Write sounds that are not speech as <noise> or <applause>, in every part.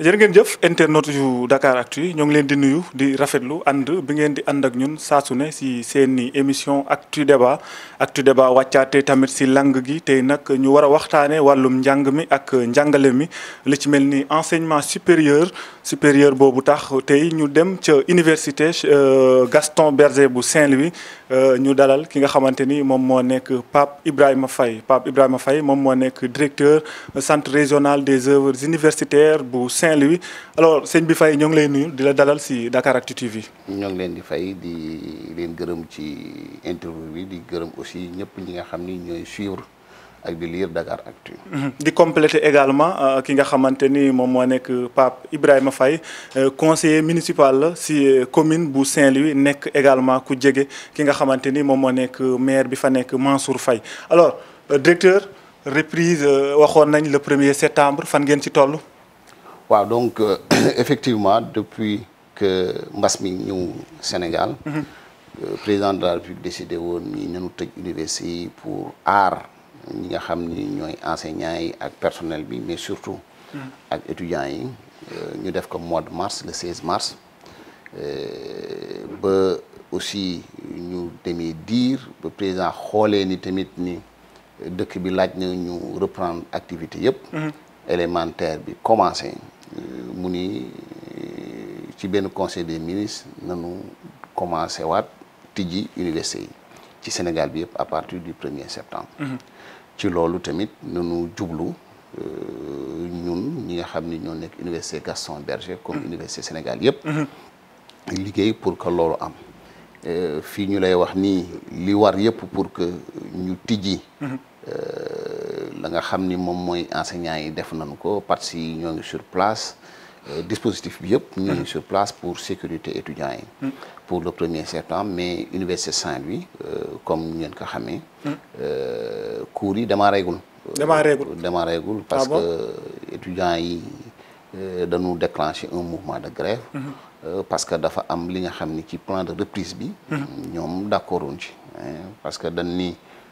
jërë ngeen jëf internautes yu Dakar Actu ñu ngi leen di nuyu di rafetlu and bi ngeen di and ak ñun saa su ne si seen i émission Actu Débat Actu Débat wàccaate tamit si langue gi tey nag ñu war a waxtaanee wàllum ak njàngale mi li ci mel enseignement supérieur supérieur boobu tax tey ñu dem ca université euh, Gaston Berger bu Saint-Louis euh, ñu dalal ki nga xamante ni moom moo nekk Pape Ibrahima Faye Pape Ibrahima Faye moom moo nekk directeur centre régional des œuvres universitaires bu Saint alors Seigne bi nous vous la dalal si TV. Nous aussi suivre. lire mhm. également euh, ki nga que Pape Ibrahima Faye euh, conseiller municipal la euh, commune de Saint-Louis nek également ku maire Mansour Faye alors directeur reprise le nañ le 1er septembre fan ngeen ci donc euh, <coughs> effectivement depuis que nous sommes au Sénégal le mhm. euh, président de la République décidé de nous faire une université pour l'art, nous nga enseignants et personnel mais surtout les mhm. étudiants Nous euh, ñu def mois de mars le 16 mars ba aussi dit que que ba président a ni tamit ni décidé bi reprendre l'activité mhm. élémentaire bi commencer. Euh, mu ni euh, ci le conseil des ministres nous commencé à tijji université ci Sénégal bi à partir du 1er septembre mhm. ci lolu tamit nous nous euh, ñun ñi nga xamni ñoo nek université Gaston Berger comme mhm. université Sénégal yépp mhm. liggéey pour que lolu am fi ñu lay wax ni li war pour que ñu tijji la nga xamni mom moy enseignants yi def nañ ko parties yi ñoo ngi sur place euh, dispositif bi yépp ñoo ngi sur place pour sécurité étudiants yi mm. pour le premier septembre mais université Saint-Louis euh, comme ñen ko mm. euh cours yi dama régul dama régul euh, dama régul parce ah que étudiants yi dañu déclencher un mouvement de grève mm-hmm. parce que dafa am li nga xamni ci plan de reprise bi mm-hmm. d'accord d'accorduñ ci hein, parce que dañ ni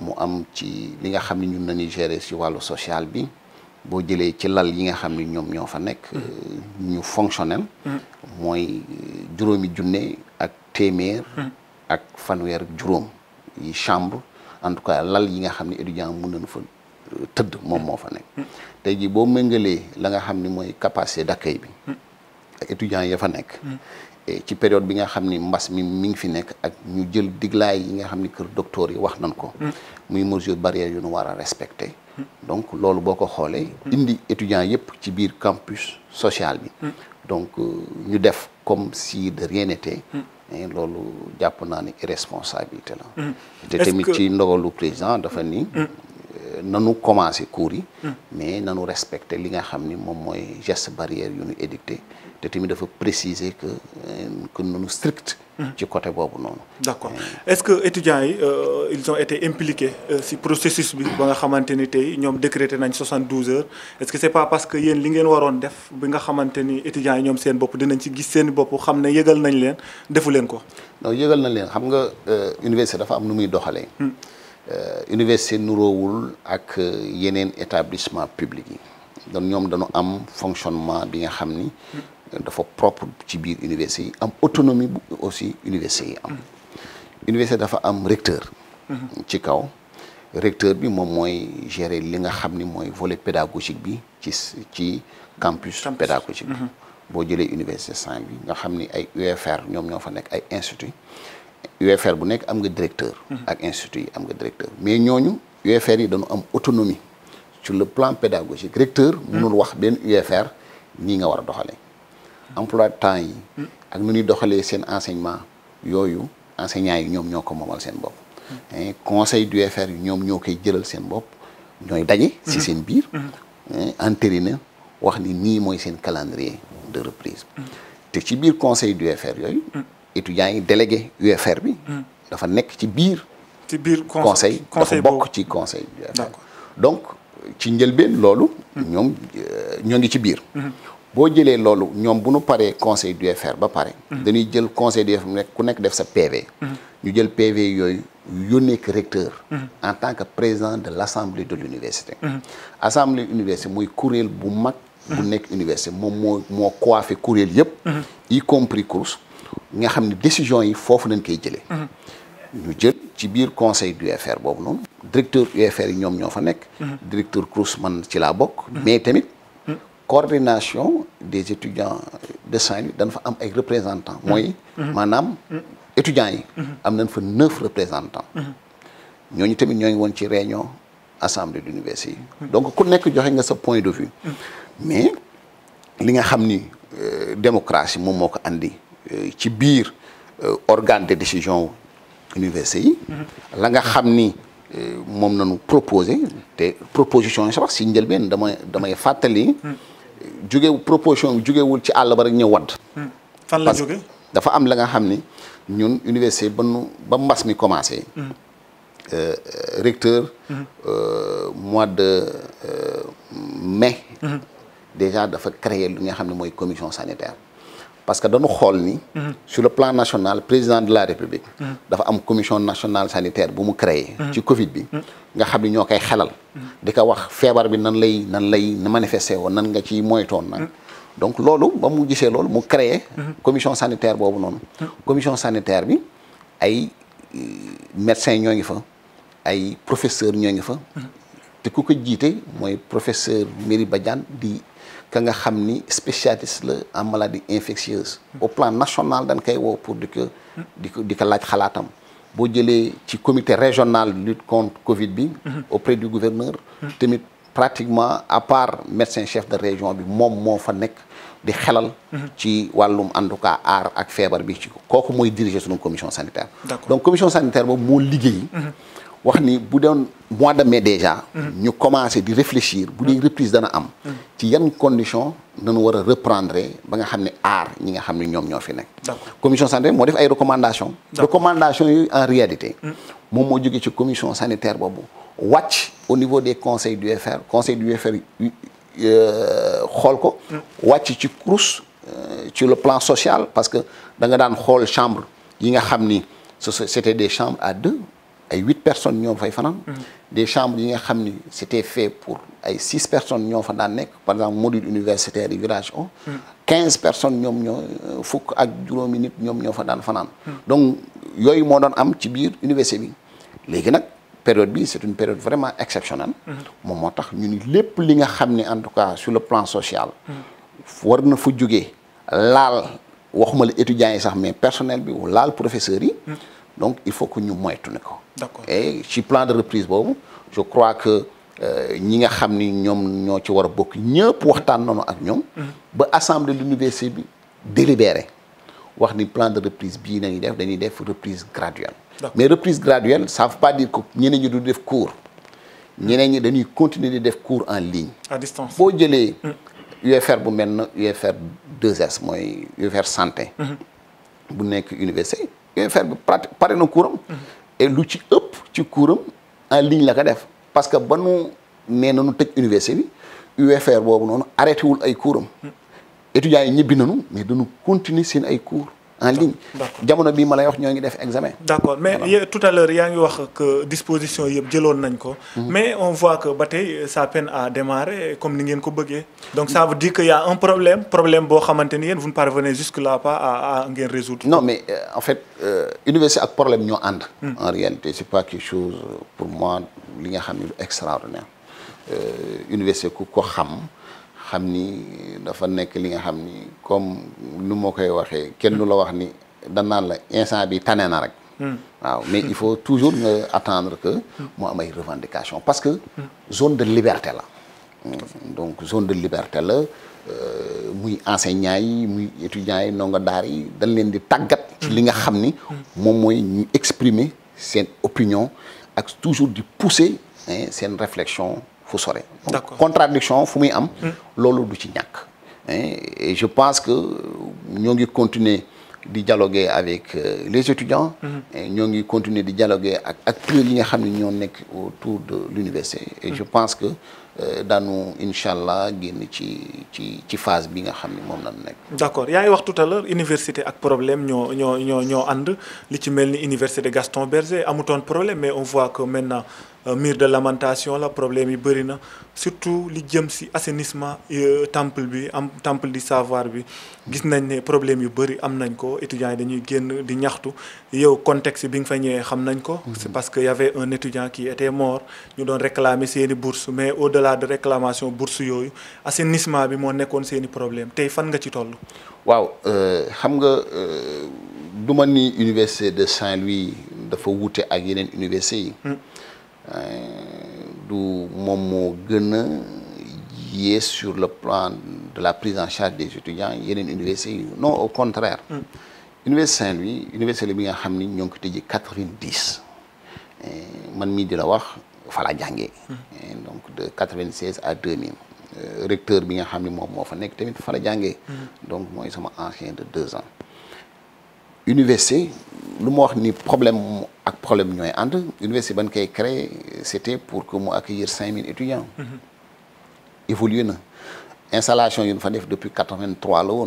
mu am ci li nga xam ne ñun dañuy gérer ci wàllu social bi boo jëlee ci lal yi nga xam ne ñoom ñoo fa nekk. Mm-hmm. ñu fonctionnel. Mm-hmm. mooy euh, juróomi junne ak téeméer. Mm-hmm. ak fanweer juróom yi chambre en tout cas lal yi nga xam ne étudiant mun nañu fa euh, tëdd moom moo fa nekk. tey jii boo méngalee la nga xam ni capacité d'accueil bi. ak étudiants ya fa nekk. Eh, ci période bi nga xamni mbass mi mi ngi fi ak docteur yi wax nañ ko mm. muy mesure barrière yu ñu wara a donc lolu boko xolé indi étudiants yépp ci biir campus social bi mm. donc euh, ñu def comme si de rien n'était mm. L'olu japp naa ni la te tamit ci ndogalu président nous commencé à courir hmm. mais nous respectons les gestes barrières ni barrière préciser que euh, que sommes strict hmm. côté d'accord est-ce que étudiants euh, ils ont été impliqués dans euh, processus bi ont nga 72 heures est-ce que c'est pas parce que ont li ngeen dans def bi nga étudiants seen non euh, université nuroowul ak euh, yeneen établissement public yi donc ñoom dañu am fonctionnement bi nga xam faut euh, dafa propre ci biir université am autonomie aussi université université dafa am recteur ci kaw recteur bi moom moi gérer li nga moi ni volet pédagogique bi ci campus pédagogique mhm. boo jëlee université Saint-Louis nga hamni ay UFR ñoom ñoo fa ay institut UFR bu nek am directeur. Mhm. ak institut am directeur mais ñooñu UFR yi dañu autonomie sur le plan pédagogique recteur mhm. mënul wax qui UFR ni nga wara a emploi temps yi. Mhm. ak nu ñuy enseignement yoyu enseignants yi ñoom eh, conseil du UFR ñoom qui jëlal seen bop ñoy est ci seen biir. est eh, wax ni ni est calendrier de reprise. té ci biir conseil d'UFR yoyu étudiants yi délégué UFR bi. Hmm. dafa nek ci biir. ci biir conseil conseil dafa bokk ci conseil. d'accord donc ci njëlbeen lolu hmm. ñom euh, ñoo ngi ci biir. Hmm. bo jëlé lolu ñom bu nu paree conseil d'UFR ba paré dañuy jël conseil d'UFR nek ku nek def sa PV. ñu jël PV yoy yone ko recteur. en tant que président de l'assemblée de l'université. assemblée université moy kuréel bu mag. bu nek université mom mo moo coiffé yépp y compris course nga xamni décision yi fofu lañ koy jëlé mhm. ñu jël ci biir conseil UFR bobu non directeur UFR ñom ñoom ñoo fa nek mhm. directeur CROUS man ci la bok mhm. mais tamit coordination des étudiants de Saint-Louis dañ fa am ay représentants. moy manam étudiants yi. am nañ fa neuf représentants. ñoñu tamit ñoo won ci réunion assemblée d'université donc ku nek joxe nga sa point de vue. mais li nga xamni euh, démocratie mom moko andi. Euh, ci biir euh, organe de décision université mhm. la nga euh, proposé proposition si dama damay mhm. proposition jógewul ci mhm. fan la université ba mois de mai déjà dafa créer nga commission sanitaire parce que dañu xool ni. Mhm. sur le plan national président de la république. Mhm. dafa une commission nationale sanitaire pour créer mhm. ci Covid bi. nga xam ni ñoo koy xelal. di ko wax février, bi nan lay nan lay manifesté woon nan nga ciy moytoon donc loolu ba créé une mu commission sanitaire boobu noonu. commission sanitaire bi ay euh, médecins des fa ay professeurs ñoo ngi fa. te ku ko jiite professeur Merry Badiane ka nga y a spécialiste spécialistes en maladie infectieuse au plan national dans le woo pour que nous de ko di ko laaj xalaatam comité régional de lutte contre Covid bi mhm. auprès du gouverneur mhm. tamit pratiquement à part médecin chef de région bi moom moo fa de di xelal mhm. ci en tout cas aar ak fièvre, bi ci kooku mooy diriger commission sanitaire donc commission sanitaire boobu moo on mois de mai déjà. Mhm. ñu commencé à réfléchir bu une mhm. reprise dana am. Mhm. ci yan condition nous reprendre ba nga nous ne l'art. nous nga commission sanitaire a def des recommandations. recommandations en réalité. moom moo jógee ci commission sanitaire Watch au niveau des conseils du Le conseil du FR Il euh, ko. wàcc euh, ci le plan social parce que dans nga daan chambre c'était des chambres à deux ay huit personnes ñoom fay fanaan mhm. des chambres yi nga c'était fait pour ay six personnes ñoo fa daan nekk par exemple module universitaire du village 15 mhm. personnes ñoom ñoo euh, fait ak juróomi nit ñoom ñoo fa daan fanaan mhm. donc yooyu moo doon am ci biir université bi léegi nag période bi c'est une période vraiment exceptionnelle moom moo tax ñu ni li nga xam en tout cas sur le plan social war na fa jógee laal waxuma la étudiants yi sax mais personnel bi laal professeurs yi donc il faut que nous soyons d'accord et le plan de reprise je crois que nous euh, nga que ni avons ñoo de war bokk ñëpp mhm. assemblée de l'université bi délibéré Le ni plan de reprise est une reprise graduelle. mais reprise graduelle ça veut pas dire que nous devons du def cours. Nous ñi dañuy continuer de def cours en ligne. à distance Pour l'UFR mhm. UFR 2S l'UFR UFR santé. Mhm. bu université. Eh, fer bi pare na kuuram mhm. et lu ci ëpp ci kuuram a ligne la ko def parce que ba nu nee na nu tëj université bi UFR boobu noonu arrêté wul ay kuuram mhm. étudiants yi ñibbi nañu mais dañu continuer seen ay cours en ligne. D'accord. Bi def examen. D'accord. mais tout à l'heure il ngi wax que disposition yëpp jëloon nañ ko. Mhm. mais on voit que ça euh, peine à démarrer comme ni ngeen ko donc ça veut dire qu'il y' a un problème problème que maintenir. vous ne parvenez jusque là pas à à résoudre. non mais euh, en fait euh, université un problème ñoo ànd. Hmm. en réalité ce n'est pas quelque chose euh, pour moi li nga extraordinaire euh, université un ko xamni dafa nek li nga xamni comme nu mo koy waxe ken du la wax ni danaan la instant bi tanena rek hmm. waaw mais il faut toujours attendre que mo am ay revendication parce que zone de liberté la hmm. donc zone de liberté la euh, muy enseignants yi muy étudiants yi nonga daar yi dañ leen di tagat ci li nga xamni mom moy ñu exprimer sen opinion ak toujours di pousser hein, sen réflexion faut sore contradiction fu muy am hmm. loolu du ci eh, et je pense que nous allons continuer de dialoguer avec euh, les étudiants hmm. Nous allons continuer de dialoguer avec tous les nga qui autour de l'université et hmm. je pense que euh, dans nous, Inch'Allah, nous ci ci phase bi nga y a eu tout à l'heure université ak problème ñoo ñoo ñoo ñoo ànd li ci melni université Gaston Berger amoutone problème mais on voit que maintenant euh, mur de lamentation la problème yi bëri na surtout li jëm si assainissement euh, temple bi am temple di savoir bi gis nañ ne problème yu bëri am nañ ko étudiants yi dañuy génn di ñaxtu yow contexte bi nga fa ñëwee xam nañ ko. Mhm. c'est parce que y avait un étudiant qui était mort ñu doon réclamer seeni bourse mais au-delà de réclamation bourse yooyu assainissement bi moo nekkoon seeni problème tey fan nga ci toll. waaw euh, xam nga. duma ni université de Saint-Louis dafa wuute ak yeneen université yi. Hmm. Euh, du moment moo sur le plan de la prise en charge des étudiants une université non au contraire mm. université Saint-Louis université bi nga de de euh, man la mm. euh, donc de quatre à 2000. mille recteur de nga de l'Université, la mm. donc suis sama ancien de deux ans université nous avons wax ni problème ak problème ñoy université c'était pour que 5 accueillir 5000 étudiants mm-hmm. évoluer na installation depuis 83 la hein,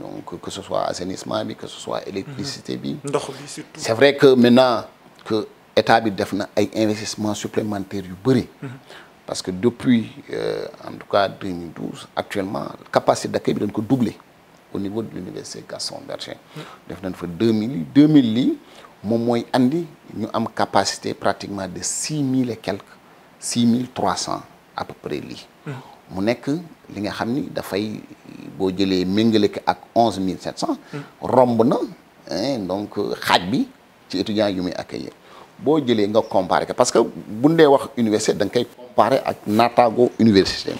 donc que ce soit assainissement que ce soit électricité mm-hmm. c'est vrai que maintenant que état bi def investissement supplémentaires mm-hmm. parce que depuis euh, en tout cas 2012 actuellement capacité d'accueil est doublée au niveau de l'université Gaston Berger def nañ fa 2000 lits 2000 lits nous avons andi capacité pratiquement de 6000 et quelques 6300 à peu près lits mu nekk li nga xam ni dafay boo jëlee donc, ak 11700 romb na hein, donc xaaj bi ci étudiants yu muy accueillir nga comparé parce que bu dee une université da comparer avec comparé ak naataago université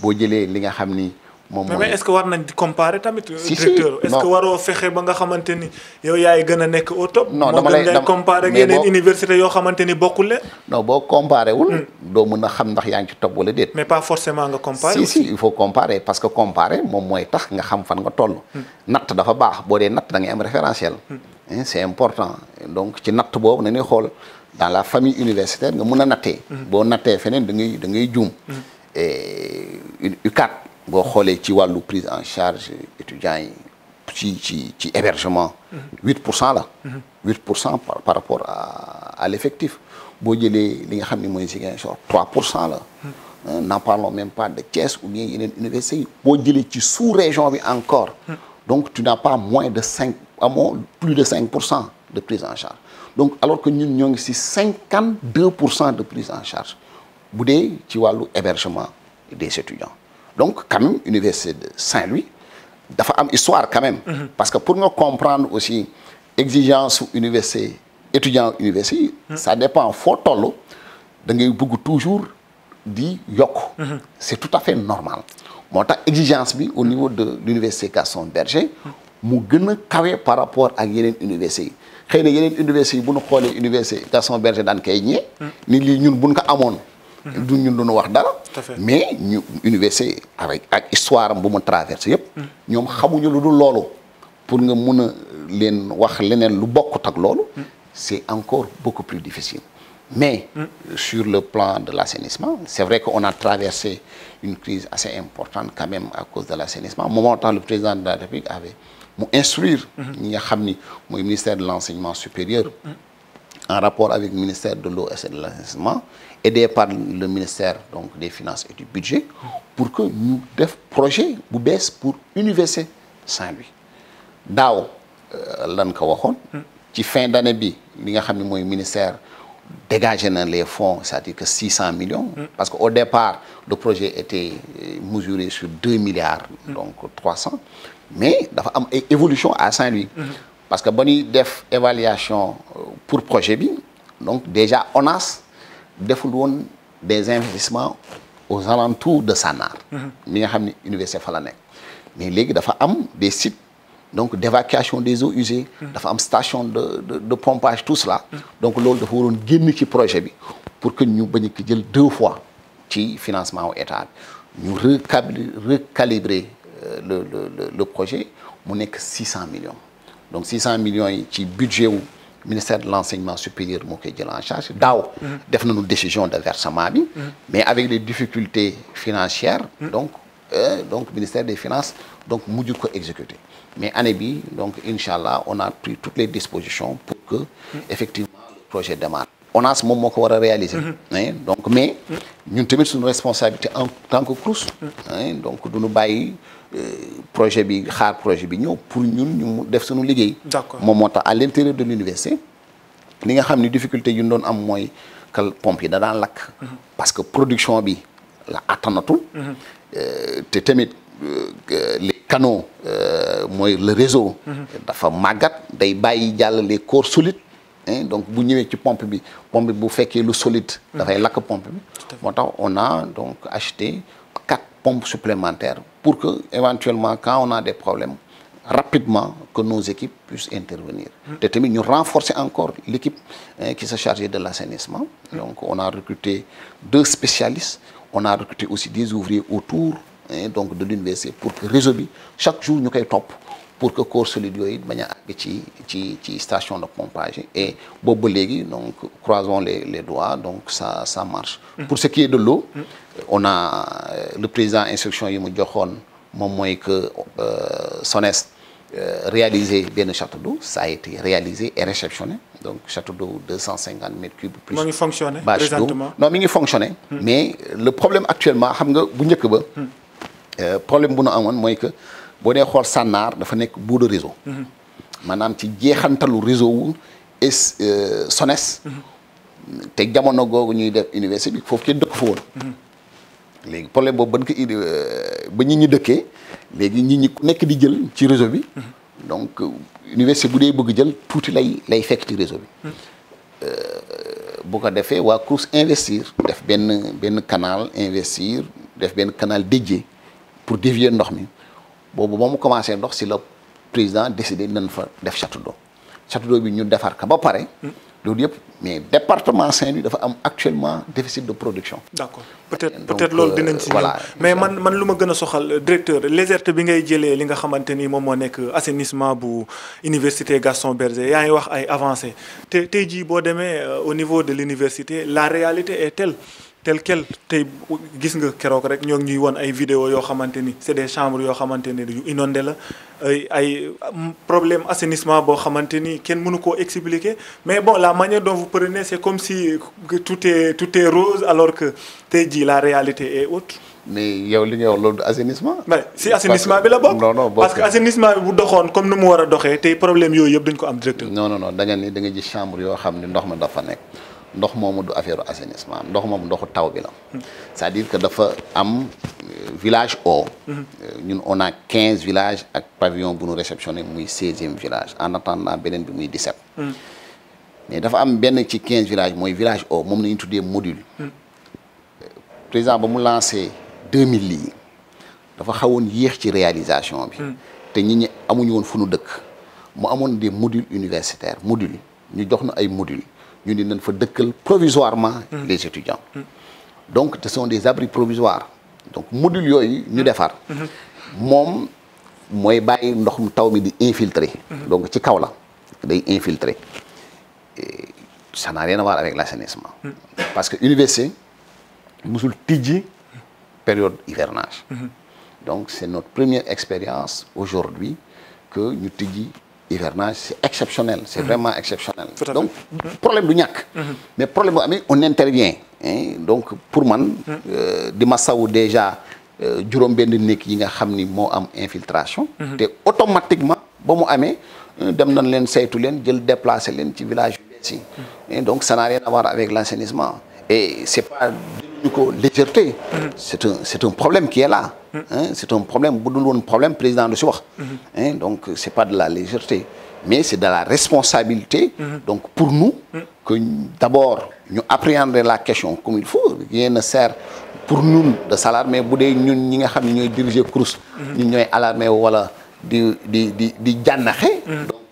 boo jëlee li mais mais est-ce que war nañ comparer tamit. si si directeur est-ce que waroo faire ba nga xamanteni yow yaay gëna nek au top. non dama lay comparer ak yeneen université yo xamanteni bokul bokkule. non bo comparer wul. Hmm. doo mën a xam ndax yaa ngi ci top wala mais pas forcément nga comparer. si si il faut comparer parce que comparer mom moy tax nga xam fan nga toll. Hmm. natt dafa bax bo dé natt da ngay am référentiel. Hmm. Hein, c'est important donc ci natt boobu na ni xol dans la famille universitaire nga mun a nattee. boo nattee feneen da ngay da ngay juum. UCAD. Si xolé ci walu prise en charge étudiants ci ci ci hébergement. 8 mhm. 8 mhm. par rapport à l'effectif. Si bo jélé li nga xamni moy 3 là n'en parlons même pas de caisse ou bien une université bo jélé ci sous région encore. Mhm. donc tu n'as pas moins de 5 plus de 5 de prise en charge donc alors que nous avons ici 52 de prise en charge boudé tu ci walu hébergement des étudiants donc quand même université de Saint-Louis dafa une histoire quand même. Mhm. parce que pour nous comprendre aussi l'exigence de université étudiant université l'université, mhm. ça dépend de l'eau. da ngay bëgg toujours di mhm. c'est tout à fait normal. Mais l'exigence exigence au niveau de l'université casson Berger. mu gën a est par rapport à l'université. Quand yi xëy université, yeneen universités yi université Casson Berger dans le du ñu wax mais l'université avec l'histoire histoire nous bu mu traversé pour nous mun wax mm. c'est encore beaucoup plus difficile. Mais mm. sur le plan de l'assainissement, c'est vrai qu'on a traversé une crise assez importante quand même à cause de l'assainissement. Au moment le président de la République avait instruit le mm-hmm. ministère de l'Enseignement supérieur mm. en rapport avec le ministère de l'eau et de l'assainissement, aidé par le ministère donc, des Finances et du Budget, pour que nous def projet bu pour Université Saint-Louis D'ailleurs, lan ko waxoon ci fin d'année bi ministère dégagé les fonds c'est-à-dire que 600 millions parce qu'au départ le projet était euh, mesuré sur 2 milliards donc 300 mais dafa évolution à Saint-Louis parce que boni fait une évaluation euh, pour projet bi donc déjà on a des investissements aux alentours de Sanar. Mhm. mi nga l'université université mais il dafa des sites donc d'évacuation des eaux usées. Mhm. dafa am station de de pompage tout cela. Mhm. donc loolu dafa waroon projet pour que nous bénéficions deux fois euh, le financement de état Nous ñu le le le projet mu 600 millions donc 600 millions qui budget ministère de l'enseignement supérieur moo en charge def décision de versement mais avec des difficultés financières. Mm. donc euh, donc ministère des finances donc mujj ko mais en bi donc Inch'Allah, on a pris toutes les dispositions pour que mm. effectivement le projet démarre. On a ce moment qu'on va réaliser. Mm-hmm. Hein, donc mais mm. nous tamit une responsabilité en tant que CROUS. Hein, donc nous bailler projet bi xaar projet bi ñëw pour ñun ñu def suñu liggéey. d'accord moom moo tax à l'intérieur de l'université li nga xam ni difficulté yu ñu doon am mooy que pompe yi da daan lakk. Mm-hmm. parce que production bi la attanatul. Mm-hmm. Euh, te tamit euh, les canaux euh, mooy le réseau. Mm-hmm. dafa màggat day bàyyi jàll les corps solides. Hein. donc bu ñëwee ci pompe bi pompe bu fekkee lu solide. dafay lakk pompe bi. moo tax on a donc acheté pompes supplémentaires pour que, éventuellement, quand on a des problèmes, rapidement que nos équipes puissent intervenir. Mmh. Nous renforcer encore l'équipe hein, qui se chargeait de l'assainissement. Hmm. Donc, on a recruté deux spécialistes. On a recruté aussi des ouvriers autour hein, donc de l'université pour que résoudre chaque jour nous sommes top pour que corps solide soit bañ station de pompage et boobu donc croisons les doigts donc ça ça marche. Mm. pour ce qui est de l'eau mm. on a euh, le président instruction l'instruction mu que moom mooy que euh, euh, réalisé bien le château d'eau ça a été réalisé et réceptionné donc château d'eau 250 mètres cubes. plus moo ngi présentement non mi fonctionné. Mm. mais le problème actuellement le nga problème bu nous que. Si dee Sanar dafa nekk bout de réseau. Mhm. maanaam ci réseau es euh, SONES. Mhm. te jamono ñuy def université faut ci dëkk les problème ban ko euh, ba ni ñi ni ñi réseau mhm. donc euh, université bëgg jël tout lay lay réseau investir def canal investir canal dédié pour dévier si le président décide de faire un château d'eau château d'eau bi département Saint-Louis actuellement déficit de production. D'accord, peut être que c'est être que mais man directeur euh, Gaston avancé euh, au niveau de l'université, la réalité est telle tel quel tey gis nga kérok rek ñoo ñuy won ay vidéo yo xamanteni ni c'est des chambres yo xamanteni ni yu inondé la ay ay problème assainissement bo xamanteni ni mënu ko expliquer mais bon la manière dont vous prenez c'est comme si tout est tout est rose alors que tey ji la réalité est autre. mais yow li nga wax lolu assainissement. mais si assainissement bi la bokk. non non parce que assainissement bi bu doxone comme ni mu war tey problème yoy yeb duñ ko am directeur. non non non da nga ni da nga ji chambre yo xamni ndox ma dafa nek ndox momu du affaire assainissement ndox momu ndoxu taw bi la c'est à dire que dafa am euh, village O euh, ñun on a 15 villages ak pavillon bu nous réceptionner muy 16e village en attendant benen bi muy 17 mais dafa am ben ci 15 villages moy village O mom modules. tuddé module euh, président ba mu lancer 2000 lits dafa xawon yex ci réalisation bi té ñi ñi amuñu won fu dëkk mu amone des modules universitaires Nous ñu jox ay modules nous avons fait provisoirement les étudiants donc ce sont des abris provisoires donc module yooyu ñu defar moom mooy bàyyi ndoxum taw mi di infiltrer donc ci qui la day infiltrer ça n'a rien à voir avec l'assainissement parce que nous musul tijji période hivernage mm-hmm. donc c'est notre première expérience aujourd'hui que nous tijji c'est exceptionnel c'est mhm. vraiment exceptionnel donc problème du mhm. mais problème on intervient hein. donc pour moi, de mhm. euh, di ma déjà durant euh, benn nekk yi nga xam une infiltration automatiquement bon ami ami, dem nañ déplacer saytu le village donc ça n'a rien à voir avec l'assainissement et c'est pas légèreté mhm. c'est un c'est un problème qui est là mhm. hein. c'est un problème le problème président de la Donc mhm. hein donc c'est pas de la légèreté mais c'est de la responsabilité donc pour nous que d'abord nous appréhender la question comme il faut rien ne sert pour nous, de s'alarmer mais nous, diriger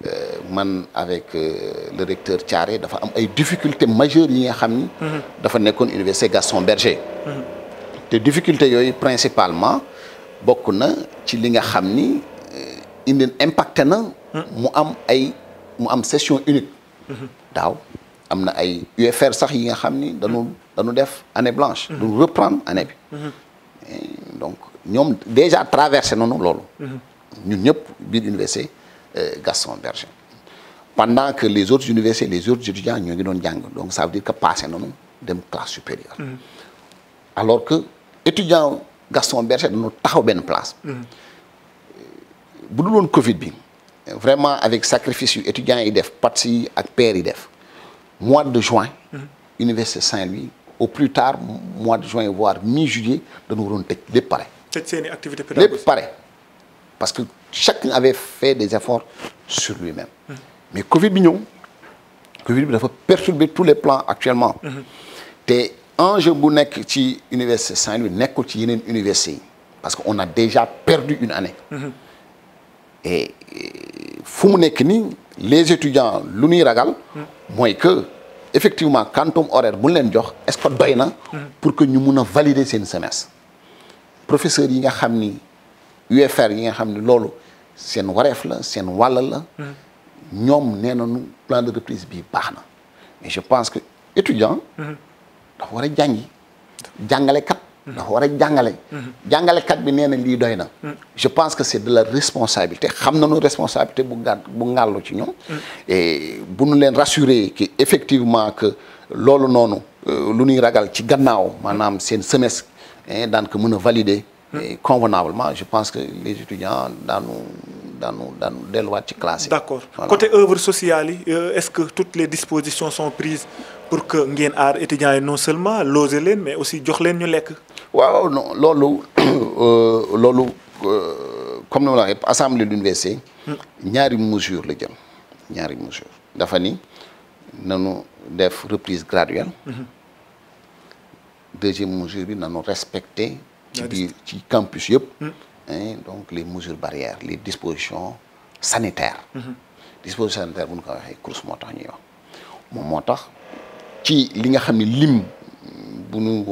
Euh, man avec euh, le recteur Thiaré dafa am ay difficultés majeures yi nga xam ni. Mhm. dafa nekkoon université Gaston Berger. Mhm. te difficultés yooyu principalement bokk na ci li nga xam ni euh, indi impacté na. Mhm. mu am ay mu am session unique. daaw am ay UFR sax yi nga xam ni dañu dañu def année blanche. du reprendre année bi. donc ñoom déjà traversé nañu loolu. ñun ñëpp biir université. Euh, Gaston Berger pendant que les autres universités les autres étudiants ils ngi dit jàng donc ça veut dire que passé nañu dem classe supérieure. Mm. alors que étudiant Gaston Berger une taxaw benn place. nous nous avons Covid vraiment avec sacrifice étudiant étudiants IDEF, def et père IDEF, mois de juin. Mm. université Saint-Louis au plus tard mois de juin voire mi-juillet nous avons été lépp pare. une activité i parce que chacun avait fait des efforts sur lui-même. Mais Covid 19 Covid a a perturbé tous les plans actuellement. te enjeu bu nekk ci université Saint-Louis nekkul ci université parce qu'on a déjà perdu une année. et fu mu nekk les étudiants lu ragal. moins que effectivement quand on horaire bu leen jox est-ce que doy pour que nous puissions valider ces semestres Professeur, yi nga xam UFR yi nga xam ne loolu seen wareef la seen wàll la. ñoom de reprise bi mais je pense que étudiant. dafa war a jàngi. jàngalekat. dafa war a jàngale. jàngalekat bi nee na lii je pense que c'est de la responsabilité xam nañu responsabilité bu bu et bu nu rassurer que effectivement que loolu noonu euh, lu ñuy ragal ci gannaaw maanaam seen semestre hein, mën a valider. Et convenablement, je pense que les étudiants dans nos dans classiques. dans D'accord. Côté œuvre sociale, euh, est-ce que toutes les dispositions sont prises pour que les étudiants non seulement l'osé mais aussi jox leen ñu non lolo <coughs> euh, euh, comme nous ma la waxee assemblée d'université hmm. ñaari mesure a jëm ñaari mesure nous, nous nanu une reprise graduelle. Hmm. deuxième mesure nous avons respecter qui ci campus yëpp hmm. hein, donc les mesures barrières les dispositions sanitaires hmm. dispositions sanitaires bu ñu ko waxee CROUS moo tax qui wax moom moo ci li nga lim bu ñu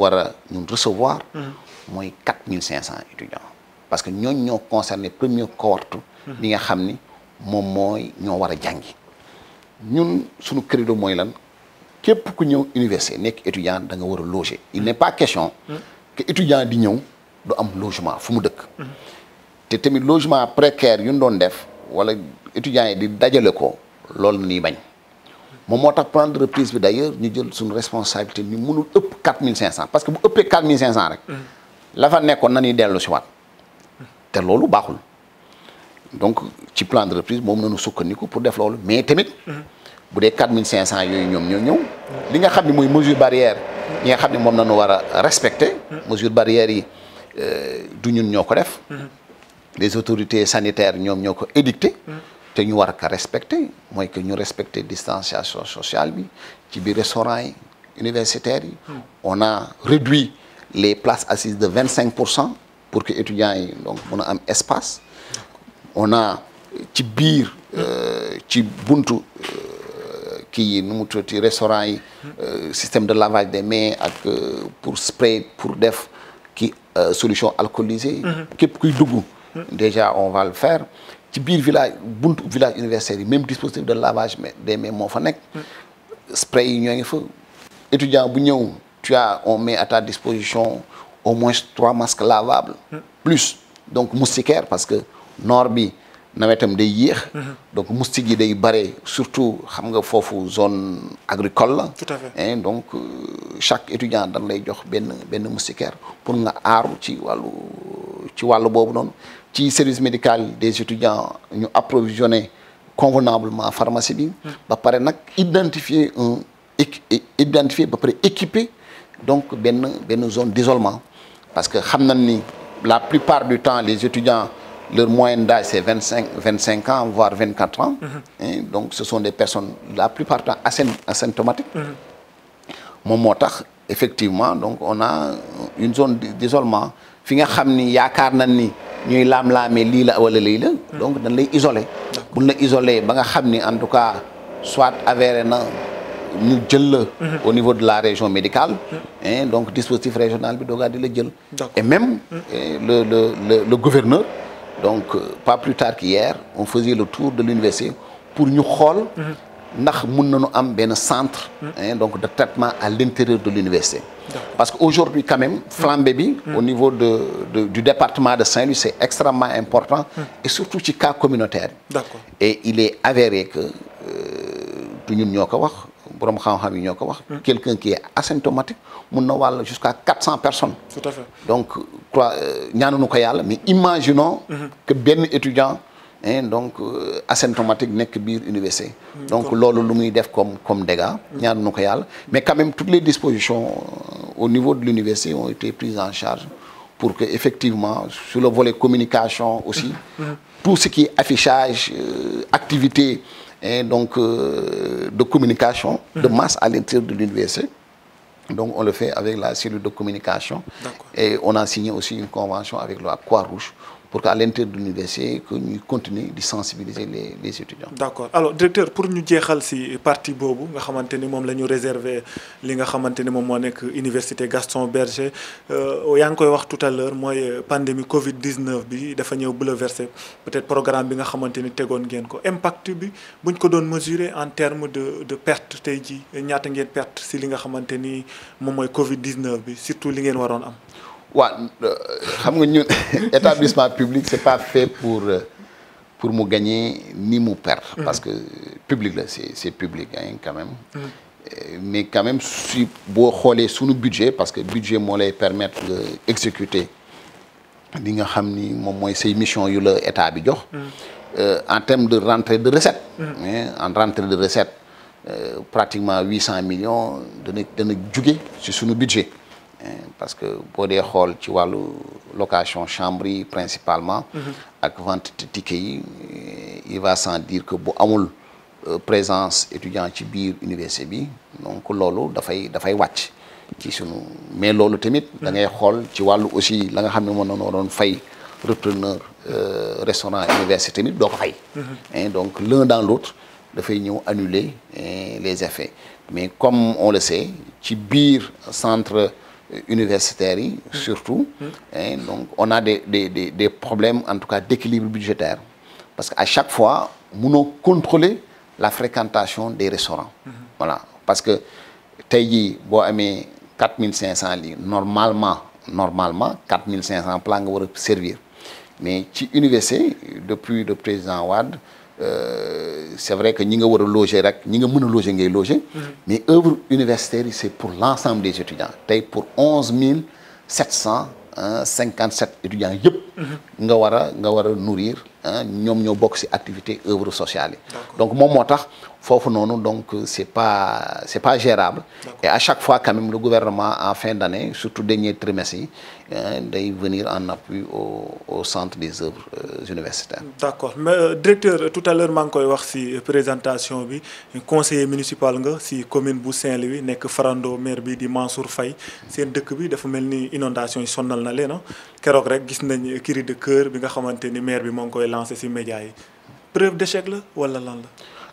ñun recevoir hmm. mooy 4500 étudiants parce que ñooñ ñoo concerné premier cohorte bi nga xam ni moom mooy ñoo war a jàngi ñun suñu credo mooy lan képp ku ñëw université nek étudiant da nga loges loger il n'est pas question que étudiant di ñew du am logement fu mu dëkk. té tamit logement précaire yu ñu doon def wala étudiant yi di dajale ko loolu ni bañ mo motax prendre reprise bi d'ailleurs, ñu jël suñu responsabilité ni mënu ëpp 4500 parce que bu ëppee 4500 rek. la fa nekkoon nañu déllu ci si waat te loolu baxul donc ci plan de reprise moom nañu sukkandiku pour def loolu mais tamit. Mmh. bu dé 4500 yooyu ñom ñoo ñëw. li nga xamni moy mesure barrière ñi nga xamni les respecter mesures barrière yi euh, du ñun ñoko les autorités sanitaires ñom ñoko édicter édicté nous ñu war ka respecter moy que ñu respecter distanciation sociale bi ci sur restaurant yi universitaires on a réduit les places assises de 25% pour que les que étudiants aient donc espace on a ci biir euh, ci buntu euh, qui nous nu des restaurants, restaurant hmm. euh, système de lavage des mains euh, pour spray pour def qui euh, solution alcoolisée qui hmm. hmm. déjà on va le faire ci village buntu village universitaire même dispositif de lavage des mains spray, fa y spray yi étudiant tu as on met à ta disposition au moins trois masques lavables plus donc moustiquaire parce que nord nawetam day yéex. Mhm. donc moustique yi day barres surtout xam nga zones zone agricole donc euh, chaque étudiant dañ lay jox ben nous moustiquaire pour nga aru ci walu ci walu bobu non ci service médical des étudiants ñu approvisionner convenablement pharmacie bi. Mhm. ba paré nak identifier un identifier ba paré équiper donc ben ben zone d'isolement parce que xam nañ ni la plupart du temps les étudiants. Leur moyenne d'âge, c'est 25, 25 ans, voire 24 ans. Mhm. donc, ce sont des personnes, la plupart du temps, asymptomatiques. Mon mhm. motard effectivement, donc, on a une zone d'isolement. fi nga xam ni yaakaar ni ñuy mhm. donc on les isolé pour est isolé ba nga en tout cas soit avéré na nous au niveau de la région médicale donc dispositif régional bi di la et même le gouverneur donc euh, pas plus tard qu'hier on faisait le tour de l'université pour nous voir un centre mhm. hein, donc de traitement à l'intérieur de l'université parce qu'aujourd'hui quand même mhm. Flambébi, mhm. au niveau de, du département de Saint-Louis c'est extrêmement important et surtout ci cas communautaire et il est avéré que euh, nous quelqu'un qui est asymptomatique nous avons jusqu'à 400 personnes. tout à fait donc quoi euh, mais imaginons. Mhm. que bien étudiant. et hein, donc euh, asymptomatique que à université. Mhm. donc loolu lu muy def comme comme dégâts. Mhm. mais quand même toutes les dispositions euh, au niveau de l'université ont été prises en charge pour que effectivement sur le volet communication aussi. pour ce qui est affichage activité hein, donc de communication. de masse à l'intérieur de l'université. Donc on le fait avec la cellule de communication. Et on a signé aussi une convention avec la Croix-Rouge pour qu'à l'intérieur de l'université, nous continuions de sensibiliser les, étudiants. D'accord. Alors, directeur, pour nous dire c'est partie Bobo, nous avons réservé l'université Gaston Berger, euh, on a tout à l'heure, moi, pandémie Covid-19, il a bouleversé peut-être le programme que nous avons Impact, L'impact, si nous avons mesurer en termes de, de pertes, nous avons pertes si nous avons la Covid-19, surtout ce que nous avons oui, euh, l'établissement <laughs> établissement public c'est pas fait pour euh, pour gagner ni perdre. Mm. parce que public c'est public hein, quand même. Mm. Euh, mais quand même si vous voulez sous le budget parce que le budget permet lay permettre en termes de rentrée de recettes, mm. en rentrée de recette pratiquement 800 millions de dana c'est sur nos budget. Eh, parce que pour dee halls ci vois location chambre principalement mm-hmm. ak vente de tickets eh, il va sans dire que bu amul euh, présence étudiant ci bir université bi donc fay da fay watch ci sunu mais loolu tamit mm-hmm. da ngay xol ci walu aussi la nga xamné ne non doon fay repreneur euh, restaurant université tamit doo ko fay mm-hmm. eh, donc l'un dans l'autre fay ñeu annuler les effets mais comme on le sait ci bir centre universitaires mm. surtout mm. Hein, donc on a des des des problèmes en tout cas d'équilibre budgétaire parce qu'à chaque fois avons contrôler la fréquentation des restaurants mm-hmm. voilà parce que tu va aimer 4500 quatre lits normalement normalement 4500 plans cinq servir mais ci université depuis le président Wade euh, c'est vrai que nous avons loger nous loger mm-hmm. mais l'œuvre universitaire c'est pour l'ensemble des étudiants c'est pour 11 757 étudiants nous mm-hmm. nga nourri, nous nga nourrir nous hein, ñoo ci activité œuvre sociale donc mon moteur donc c'est pas c'est pas gérable et à chaque fois quand même le gouvernement en fin d'année surtout dernier trimestre yi hein, venir en appui au au centre des œuvres euh, universitaires d'accord mais euh, directeur tout à l'heure maa ngi koy wax présentation bi conseiller municipal nga si commune de Saint-Louis que farando maire bi di Mansour Faye seen dëkk bi dafa mel ni inondation yi sonnal na leen ah. Kérok rek gis nañ cri de cœur bi nga xamanteni maire bi mang koy lancer ci média yi preuve d'échec la wala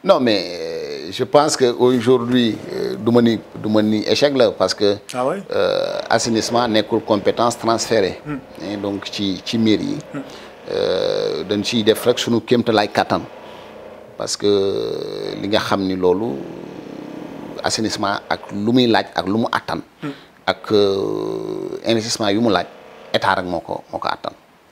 non, mais euh, je pense qu'aujourd'hui, euh, Doumani, Doumani échec là, parce que ah ouais? Euh, assainissement n'est compétence transférée. Hmm. Hein, donc, tu, tu mairie, euh, des frais qui nous fait Parce que, les gars, ni lolo, assainissement ak lu muy laaj ak a fait attan. Hmm. ak investissement yu laaj état rek a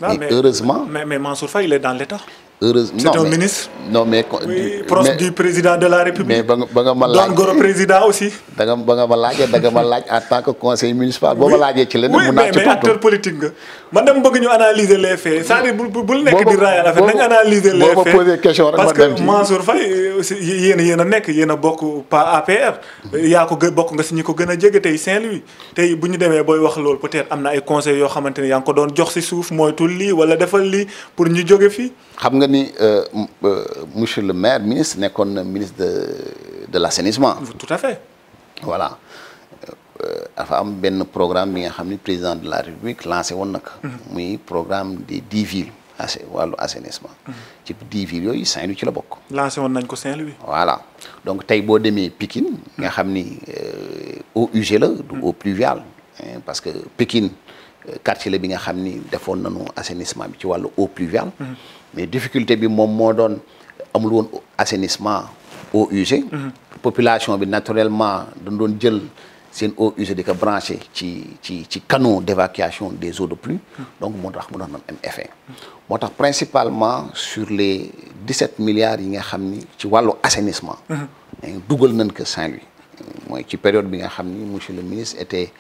ah, mais heureusement mais mais Mansour il est dans l'état heureusement c'est un mais, ministre non mais, oui, proche mais, du président de la République mais ba nga ma laaj goro président aussi da nga ba nga ma laaj da nga en tant que conseil municipal bo ma laajé ci len mu na mais acteur politique nga man dama analyser les faits ça dire bu nek di raya la fait nañ analyser les faits poser des questions. parce que Mansour Faye euh, yeen yeen nek yeen bokku pas APR ya ko bokk nga ci ñiko gëna jégé tay Saint Louis tay buñu démé boy wax lool peut-être amna ay conseil yo xamanteni yang ko doon jox ci souf moy tul li wala defal li pour ñu joggé fi xam nga Euh, euh, monsieur le maire ministre nekkoon qu'un ministre de de l'assainissement. tout à fait. voilà y euh, am un programme bi nga xam président de la république lancé woon na ko. Mhm. programme des 10 villes. ass assainissement. Mhm. ci dix villes il y a ci la bokk. lancé woon nañ ko Saint-Louis. voilà donc tey boo demee il nga mhm. xam ni eau usée la. au eau pluviale. Hein, parce que Pékin quartier bi nga xamni defon des nañu assainissement bi ci walu pluviale. mais difficulté bi mom mo don amul won assainissement eau usée. population bi naturellement dañ doon jël sen eau usée de ko branché ci ci canaux d'évacuation des eaux de pluie. donc mo tax mo don am effet. motax principalement sur les 17 milliards yi nga xamni ci walu assainissement. Mmh. dougal nañ ko Saint-Louis moi qui période monsieur le ministre était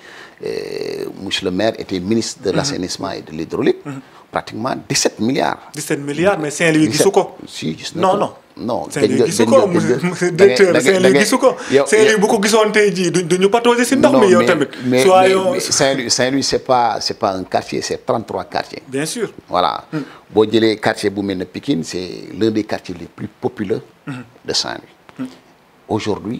euh, monsieur le maire était ministre de mhm. l'assainissement et de l'hydraulique mhm. pratiquement 17 milliards 17 milliards mais Saint-Louis gisu qui si non non non Saint-Louis gisu c'est Saint-Louis Saint-Louis duñu patauger si ndox mi yow tamit Saint-Louis Saint-Louis c'est pas c'est pas un quartier c'est 33 quartiers bien sûr voilà mm. boo quartier bu mel Pikine c'est l'un des quartiers les plus populaires mm. de Saint-Louis mm. aujourd'hui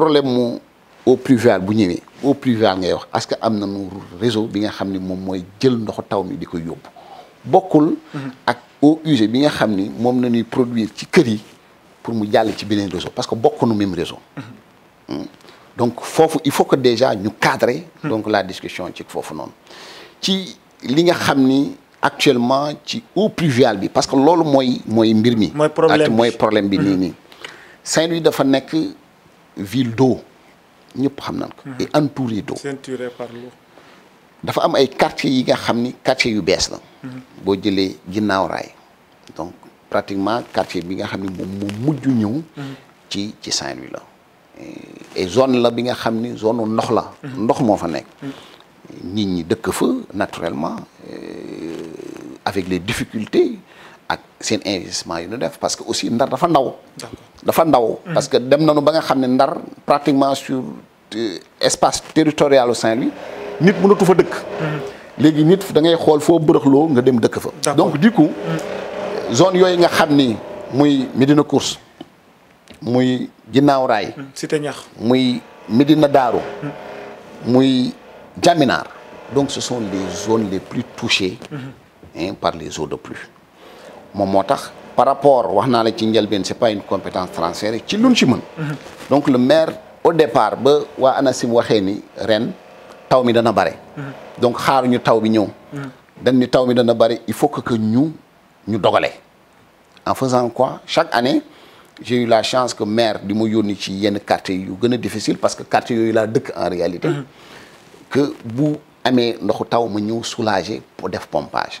problème au privé pluviale bu ñëwee au privé ngay wax parce que amener nos réseaux, réseau bi nga xam ni moom mooy jël ndoxu taw mi di ko yóbbu bokkul mhm. ak eau usée bi nga xam ni moom produire ci kër yi pour mu jàll ci beneen réseau parce que bokkunu même réseau mhm. hmm. donc foofu il faut que déjà ñu cadrer mhm. donc la discussion ci faut non. ci li nga xam actuellement ci au privé bi parce que moi moi mooy moi problème. Moi problème bi ni. nii Saint-Louis dafa nekk ville d'eau ñëpp xam d'eau. ceinturé par l'eau. quartiers quartiers yu la. Mhm. donc pratiquement quartier bi nga qui mhm. saint la. et zone la bi nga est une zone la. Mhm. naturellement euh, avec les difficultés ak seen investissement yu ñu def parce que aussi ndar dafa ndaw. dafa ndaw. Mm-hmm. parce que dem nañu ba nga xamné ndar pratiquement sur euh, espace territorial au Saint-Louis nit tu fa dëkk. Mm-hmm. légui nit da ngay xool foo bërëxloo nga dem dëkk fa. donc du coup mm-hmm. zone yoy nga xamné muy medina Course muy ginnaaw ray Cité Ñax muy medina Daaru. muy jaminar donc ce sont les zones les plus touchées. hein, par les eaux de pluie moom moo par rapport wax naa la ci njëlbeen c'est pas une compétence transférée ci luñ ci mën donc le maire au départ ba wa anasim waxee ni ren taw mi dana bare donc xaaruñu taw bi ñëw dañ ni taw mi dana bare il faut que que ñu ñu dogale en faisant quoi chaque année j'ai eu la chance que maire du mu yónni ci yenn quartier yu gën difficile parce que quartier yooyu la dëkk en réalité mm-hmm. que bu amee ndoxu taw ma ñëw soulager pour def pompage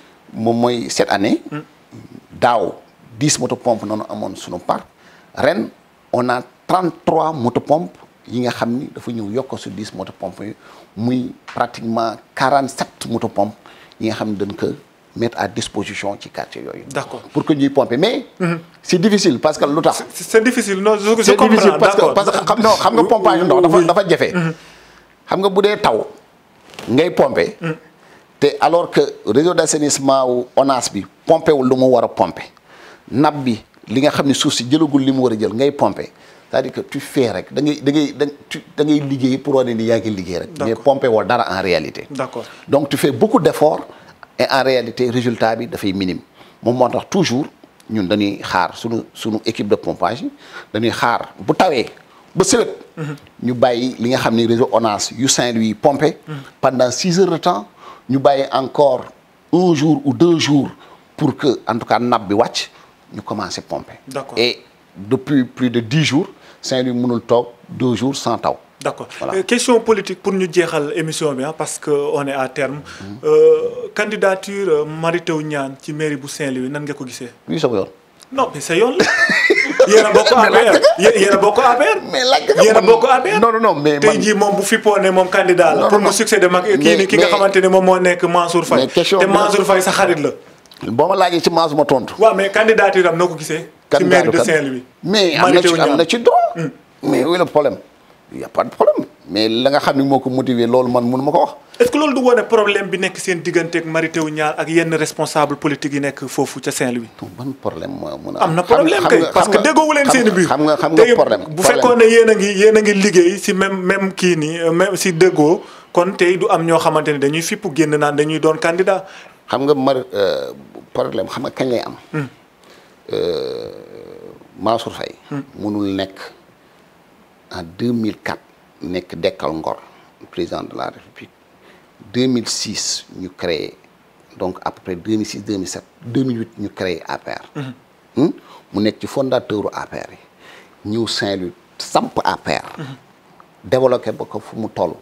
moom mooy cette année. Mm. daaw dix motopompes noonu amoon suñu par ren on a trente trois motopompes yi nga xam ni dafa ñëw yokk su dix motopompes yi muy pratiquement quarante sept motopompes yi nga xam ne dañ ko mettre à disposition ci quartier yooyu. d'accord pour que ñuy pomper mais. Mm-hmm. c'est difficile parce que lu tax. c'est difficile non je comprends. c'est parce que parce que xam non xam nga pompage ndox dafa dafa jafe. Mm-hmm. xam nga bu dee taw ngay pomper. Mm-hmm. te alors que réseau d'assainissement ou ONAS bi pompé wul lu mu war a pompé li nga xamni souci suuf si jëlagul li mu jël ngay pomper c'est-à-dire que tu fais rek da ngay da ngay da ngay liggéey pour wane ni yaa ngi rek. mais pomper woo dara en réalité. d'accord donc tu fais beaucoup d'efforts et en réalité résultat bi fay minime moom motax toujours ñun dañuy xaar suñu suñu équipe de pompage dañuy xaar bu tawé ba sëlët mhm. ñu bayyi li nga xamni réseau ONAS yu Saint-Louis pomper mhm. pendant six heures de temps nous baillons encore un jour ou deux jours pour que en tout cas nous commençons à pomper. d'accord et depuis plus de dix jours Saint-Louis mënul deux jours sans temps. d'accord euh, question politique pour nous dire l'émission, hein, parce qu'on est à terme. Mm-hmm. Euh, candidature euh, Marie Teuw qui qui mairie bu Saint-Louis nan nga ko oui ça vrai. non mais c'est yon <laughs> yéen a bokk APR <laughs> yéen a bokk <laughs> moom bu fippoo moom candidat la. pour mu succéder mag ki nga xamante ne moom moo nekk Mansour Faye. te Mansour Faye sa xarit la. boo ma laajee ci Mansour ma tontu. waaw mais noo ko gisee. ci mairie de am na ci am na ci hmm. problème y pas de problème. mais la nga xamni moko motiver ko man mënu mako wax est ce que loolu du woné problème bi nek seen digënté ak Mary Teuw Niane ak yenn responsable politique yi nek fofu ci Saint-Louis tout ban problème mo mëna amna problème kay parce que déggoowu leen seen biir xam nga xam nga problème bu fekkone yéna ngi yéna ngi liggéey ci même même ki ni euh, même ci dégo kon tay du am ño xamante dañuy fipp génn naan dañuy doon candidat xam nga mar euh, problème xam nga kañ lay am hmm. euh Mansour fay hmm. mënul nek en 2004 nek dekkal ngor président de la république 2006 ñu créé donc à peu près 2006 2007 2008 ñu créé APR. Mhm. Hmm? mu nek ci fondateur APR yi Saint-Louis samp APR. Mhm. développé ba ko fu mu toll.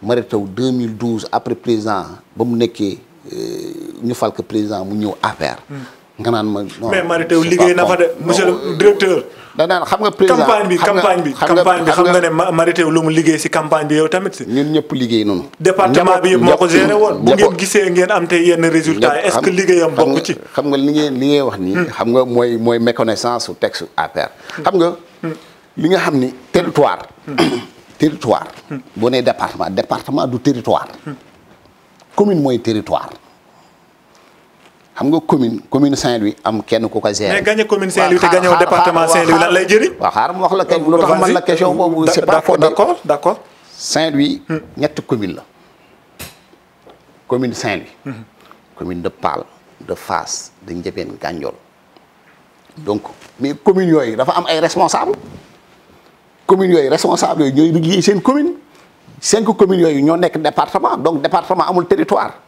Mary Teuw 2012 après président ba mu nekkee euh, ñu fal président mu ñeu APR. Mhm. nga nan ma non mais Mary Teuw liggéey na fa de monsieur le directeur. da naan xam nga président campagne bi campagne bi campagne bi xam nga ne Mary Teuw lu mu liggéey si campagne bi yow tamit si. ñun ñëpp liggéey noonu. département bi yëpp moo ko géré woon bu ngeen gisee ngeen am te yenn résultats est-ce que liggéeyam bokk ci. xam nga li ngeen li ngeen wax nii. Hmm. xam nga mooy mooy méconnaissance su texte APR. Hmm. xam nga hmm. li nga xam ni territoire. <coughs> territoire. boo nee département département du territoire. commune mooy territoire. xam nga commune commune Saint-Louis am kenn ku ko gérer. mais gagné commune Saint-Louis te gagné département Saint-Louis lan lay jëri waaw xaaral ma wax la kay man la question bobu c'est pas d'accord d'accord. Saint-Louis une hmm. commune la commune Saint-Louis. Hmm. commune de Pal de Fass de Ndiébène gagnol. donc mais communes yoy dafa am ay responsables communes yoy responsables yoy ñooy liggéey seen commune cinq communes yoy ñoo nek département donc département amul territoire.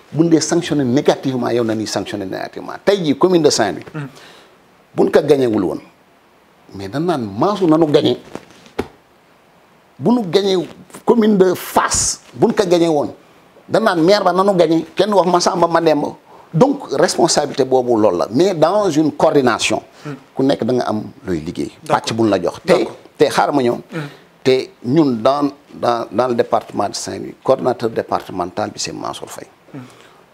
buñ dee sanctionné négativement yow na ñuy sanctionné négativement tey jii commune de Saint-Louis. Mm-hmm. buñ ko gañewul woon mais dañ naan maasu nanu gañe bu gagner. commune de Fass buñ ko gañe woon dañ naan maire ba nanu gañe kenn wax ma Samba ma Demba donc responsabilité bobu loolu la mais dans une coordination mm-hmm. ku nek da nga am loy liggéey patch buñ la jox té té xaar ma mm-hmm. ñun dans dans dans le département de Saint-Louis coordonnateur départemental bi c'est Mansour Faye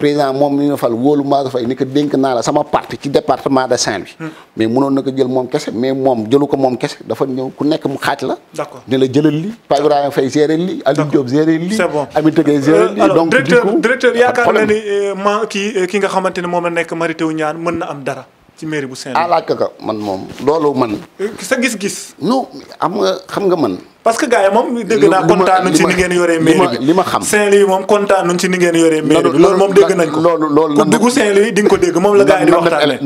président moom mi ñu fal wóolu Maodo Faye ni ko dénk naa la sama parti ci département de Saint-Louis. Hmm. mais mënoon na ko jël moom kese mais moom jëlu ko moom kese dafa ñëw ku nekk mu xaaj la. ne la jëlal li Pape Ibrahima Faye gérer li Aliou Diop gérer li c'est bon Aminata Gueye euh, gérer li donc directeur yaakaar na ni euh, ma kii euh, ki nga xamante ne moom la nekk Mary Teuw Niane mën na am dara. ci mairie bu Saint-Louis alaaj ah, moom loolu man. Eh, gis-gis. non am nga xam man. parce que gars yi moom dégg naa kontaanuñ yoree ma xam saint moom kontaanuñ ci ni ngeen yoree mairie loolu moom dégg nañ ko loolu loolu ku dugg Saint-Louis di nga ko dégg moom la gars yi di waxtaanee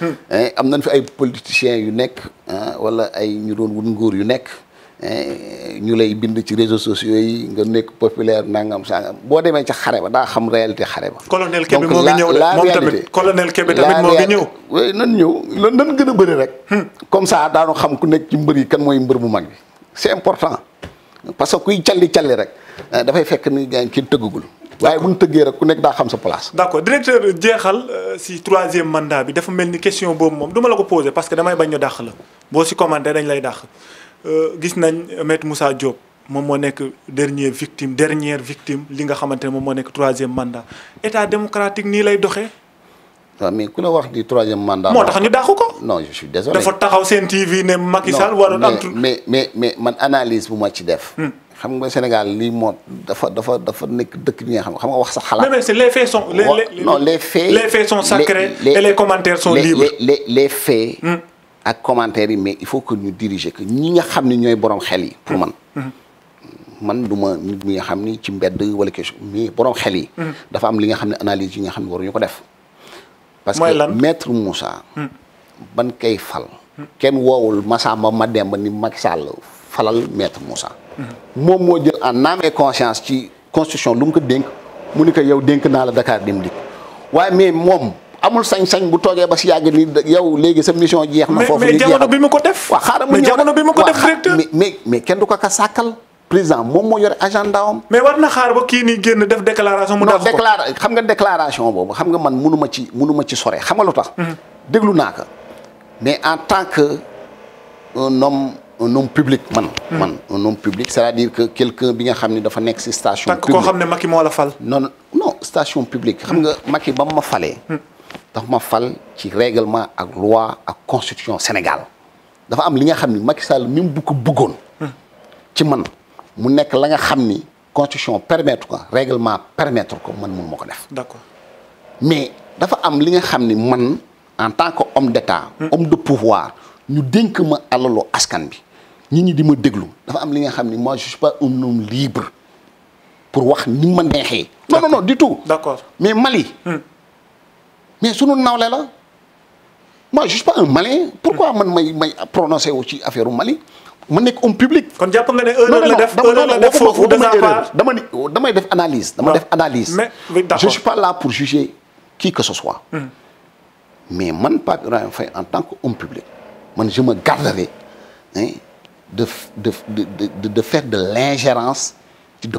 hmm. eh, fi ay politiciens yu nekk ah, wala ay ñu doon wut nguur yu nekk Eh, ñu lay bind ci réseaux sociaux yi nga nekk populaire nangam sangam boo demee ca xare ba daa xam réalité xare ba. colonel Kébé moo ngi ñëw de moom tamit ñëw. oui nan lan nan gën a bëri rek. Hmm. comme ça daanu xam ku nekk ci mbër yi kan mooy mbër mu mag bi. c'est important parce que kuy calli calli rek eh, dafay fekk ni gaañ ci tëggagul. waaye bu ñu tëggee rek ku nekk daa xam sa place. d'accord directeur jeexal euh, si troisième mandat bi dafa mel ni question boobu moom du la ko poser parce que damay bañ ñu dàq boo si commandé dañ lay dàq. Euh, gis nañ maître Moussa Diop mom mo nek dernier victime dernière victime li nga xamantene mom mo nek 3e mandat état démocratique ni lay doxé ah, mais ku la wax di 3e mandat. motax tax ñu dàqu ko. non je suis désolé dafa taxaw sen TV né Macky Sall. waroon am mais mais mais man analyse bu ma ci def. Hmm. xam nga Sénégal li moo dafa dafa dafa nekk dëkk bi nga xam nga wax sa xalaat. mais c'est les faits sont. les les non les faits. les faits sont sacrés et les commentaires sont libres. les les les faits. Hmm ak commentaire mais il faut que nous diriger que ñi nga xamni ñoy borom xel yi pour man man duma ma nit mi nga xamni ci mbedd wala question mais borom xel yi dafa am li nga xamni analyse yi nga xamni ne ñuko def parce que maître Moussa hmm. ban kay fal ken hmm. kenn woowul ma Mademba ni Macky Sall falal maître Moussa mom mo jël en âme et conscience ci constitution lu ko denk mu ni ko yow denk na la Dakar Dem Dikk waaye mais mom amul sañ-sañ bu toogee ba si yàgg ni yow léegi sa mission jeex na. foofu ni mais bi mu ko def. waaw xaaral ma ñëw mais jamono kenn du ko ka sàkkal. président moom moo yore agenda am. mais war na xaar ba kii nii génn def déclaration. mu def déclaration xam nga déclaration boobu xam nga man munu ma ci munu ma ci sore xam nga lu tax. Hmm. déglu naa ko mais en tant que un homme man. Hmm. man un homme public c'est-à-dire que bi nga xam ne dafa nekk si station. publique koo xam ne Macky moo la fal. non station publique. xam nga hmm. Macky ba mu ma falee. dans ma fal ci règlement ak loi ak constitution Sénégal dafa am li nga xam ni même bu ko bëggoon ci man mu la nga constitution permettre règlement permettre ko man mun def d'accord mais dafa am li nga man en tant que homme d'état hmm. homme de pouvoir ñu denk ma alalu askan bi ni ñi di ma déglu dafa am li nga xamni moi je suis pas un homme libre pour wax ni ma nexé non non non du tout d'accord mais Mali hmm mais sunu nawle la moi je suis pas un malin pourquoi je may may pas prononcer affaire au Mali mon homme public. Quand ne analyse. Je suis pas là pour juger qui que ce soit. Hmm. mais moi, en tant qu'homme public je me garderai hein, de de de de de faire de l'ingérence de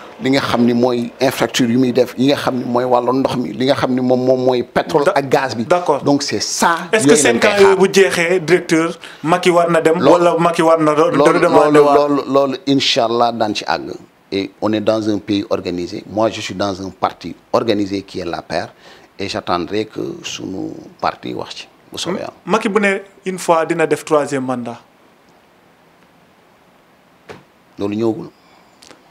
li nga xamni moy infrastructure yu mi def yi nga xamni moy walu ndox mi li nga xamni mom mom moy pétrole ak gaz bi. d'accord donc c'est ça. est-ce que c'est cas bu jexé directeur maki war na dem. wala maki war na do doon demandé waaw loolu ci àgg. et on est dans un pays organisé moi je suis dans un parti organisé qui est la l'APR et j'attendrai que sunu parti wax ci bu soobee maki bu né une fois dina def 3e mandat. loolu ñëwagul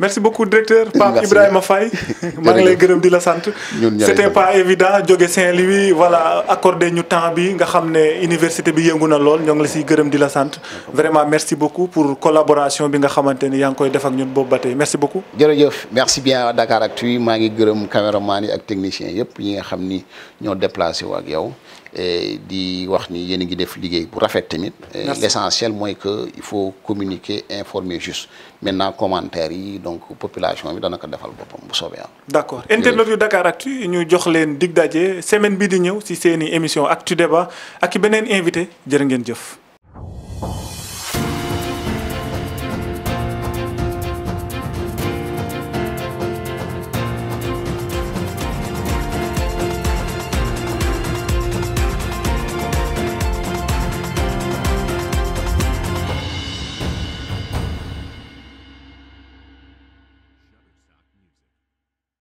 merci beaucoup directeur <laughs> Pape Ibrahima Faye <laughs> maa ngi lay gërëm di la sant c'était pas évident jóge Saint-Louis voilà accordé ñu temps bi nga xamné université bi yënguna lool ñong la ci gërëm di la sant vraiment merci beaucoup pour collaboration bi nga xamante ni yaa koy def ak ñun boobu batay merci beaucoup jërëjëf merci bien Dakaractu maa ngi gërëm caméraman ak technicien yépp ñi nga xam ñoo déplacer wu ak yow di wax ni yéen ngi def liggéey bu rafet tamit l'essentiel moy que il faut communiquer informer juste maintenant commentaire yi donc population bi danaka defal bopam bu soobee am. D'accord. Dakar Actu ñu jox leen dig dajé semaine bi di ci émission Actu Débat ak benen invité